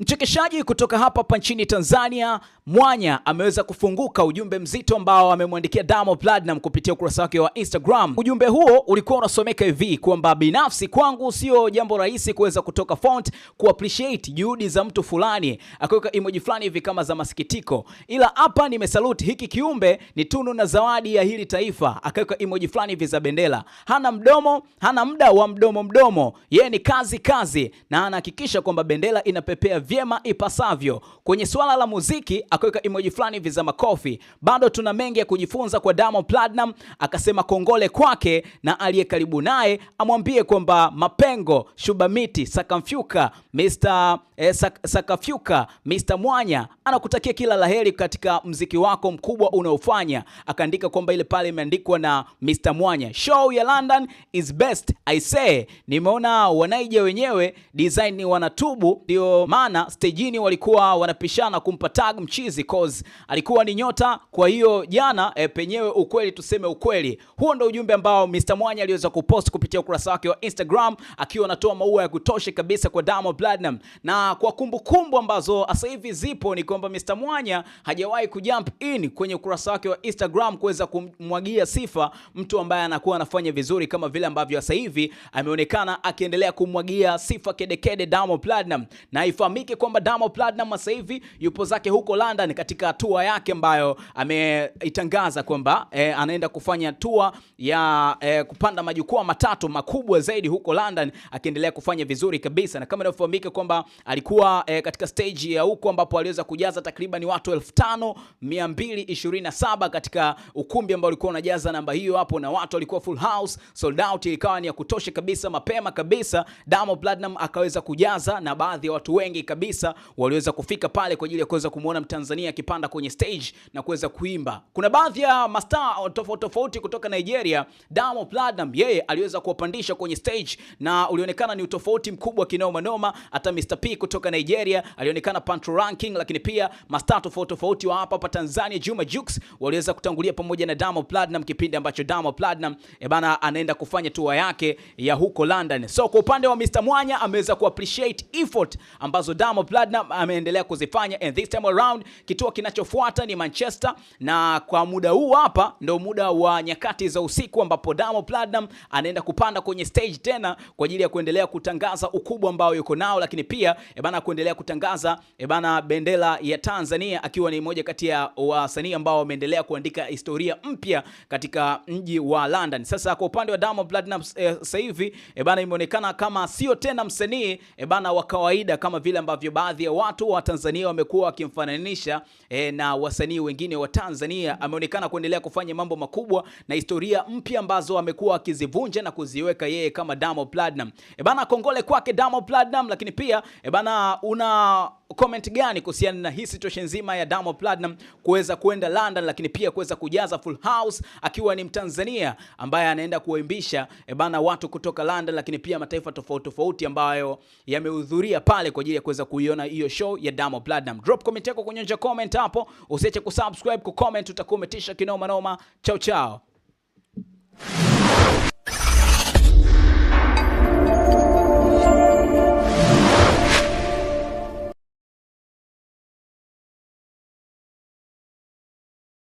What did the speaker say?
Mchekeshaji kutoka hapa hapa nchini Tanzania Mwanya ameweza kufunguka ujumbe mzito ambao amemwandikia Diamond Platnumz kupitia ukurasa wake wa Instagram. Ujumbe huo ulikuwa unasomeka hivi kwamba binafsi kwangu sio jambo rahisi kuweza kutoka font ku appreciate juhudi za mtu fulani, akaweka emoji fulani hivi kama za masikitiko, ila hapa nimesalute hiki kiumbe, ni tunu na zawadi ya hili taifa, akaweka emoji fulani hivi za bendera. Hana mdomo, hana muda wa mdomo mdomo, yeye ni kazi kazi, na anahakikisha kwamba bendera inapepea vyema ipasavyo. Kwenye swala la muziki akaweka emoji fulani hivi za makofi. Bado tuna mengi ya kujifunza kwa Diamond Platinum, akasema kongole kwake na aliye karibu naye amwambie kwamba mapengo shubamiti sakamfyuka Mr. eh, sak, sakafyuka Mr. Mwanya anakutakia kila laheri katika mziki wako mkubwa unaofanya. Akaandika kwamba ile pale imeandikwa na Mr. Mwanya, show ya London is best I say. Nimeona wanaija wenyewe design wanatubu, ndio maana na stejini walikuwa wanapishana kumpa tag mchizi cause alikuwa ni nyota. Kwa hiyo jana e, penyewe ukweli tuseme ukweli. Huo ndio ujumbe ambao Mr Mwanya aliweza kupost kupitia ukurasa wake wa Instagram akiwa anatoa maua ya kutosha kabisa kwa Diamond Platinum. na kwa kumbukumbu kumbu ambazo sasa hivi zipo ni kwamba Mr Mwanya hajawahi kujump in kwenye ukurasa wake wa Instagram kuweza kumwagia sifa mtu ambaye anakuwa anafanya vizuri kama vile ambavyo sasa hivi ameonekana akiendelea kumwagia sifa kedekede Diamond Platinum na ifahamike Ifahamike kwamba Diamond Platnumz sasa hivi yupo zake huko London katika tour yake ambayo ameitangaza kwamba e, anaenda kufanya tour ya e, kupanda majukwaa matatu makubwa zaidi huko London, akiendelea kufanya vizuri kabisa, na kama inavyofahamika kwamba alikuwa e, katika stage ya huko ambapo aliweza kujaza takriban watu 5227 katika ukumbi ambao ulikuwa unajaza namba hiyo hapo, na watu walikuwa full house, sold out, ilikawa ni ya kutosha kabisa. Mapema kabisa Diamond Platnumz akaweza kujaza na baadhi ya watu wengi kabisa waliweza kufika pale kwa ajili ya kuweza kumuona Mtanzania akipanda kwenye stage na kuweza kuimba. Kuna baadhi ya mastaa tofauti tofauti kutoka Nigeria, Diamond Platnumz yeye aliweza kuwapandisha kwenye stage na ulionekana ni utofauti mkubwa kinoma noma. Hata Mr P kutoka Nigeria alionekana pantro ranking, lakini pia mastaa tofauti tofauti wa hapa hapa Tanzania, Juma Jux waliweza kutangulia pamoja na Diamond Platnumz, kipindi ambacho Diamond Platnumz e eh, bana anaenda kufanya tour yake ya huko London. So kwa upande wa Mr Mwanya ameweza ku appreciate effort ambazo Diamond Platinum ameendelea kuzifanya and this time around kituo kinachofuata ni Manchester, na kwa muda huu hapa ndo muda wa nyakati za usiku ambapo Diamond Platinum anaenda kupanda kwenye stage tena kwa ajili ya kuendelea kutangaza ukubwa ambao yuko nao, lakini pia ebana eh, kuendelea kutangaza ebana eh, bendera ya Tanzania akiwa ni moja kati ya wasanii ambao wameendelea kuandika historia mpya katika mji wa London. Sasa kwa upande wa Diamond Platnumz eh, sasa hivi ebana imeonekana kama sio tena msanii ebana wa kawaida kama vile ambavyo baadhi ya watu wa Tanzania wamekuwa wakimfananisha e, na wasanii wengine wa Tanzania. Ameonekana kuendelea kufanya mambo makubwa na historia mpya ambazo amekuwa akizivunja na kuziweka yeye kama Diamond Platnumz. E bana, kongole kwake Diamond Platnumz, lakini pia e bana una comment gani kuhusiana na hii situation nzima ya Diamond Platinum kuweza kwenda London, lakini pia kuweza kujaza full house akiwa ni Mtanzania ambaye anaenda kuwaimbisha e bana watu kutoka London, lakini pia mataifa tofauti tofauti ambayo yamehudhuria pale kwa ajili ya kuweza kuiona hiyo show ya Diamond Platinum. Drop comment yako kunyonja comment hapo, usiache kusubscribe ku comment, utakuwa umetisha kinoma noma. Chao chao.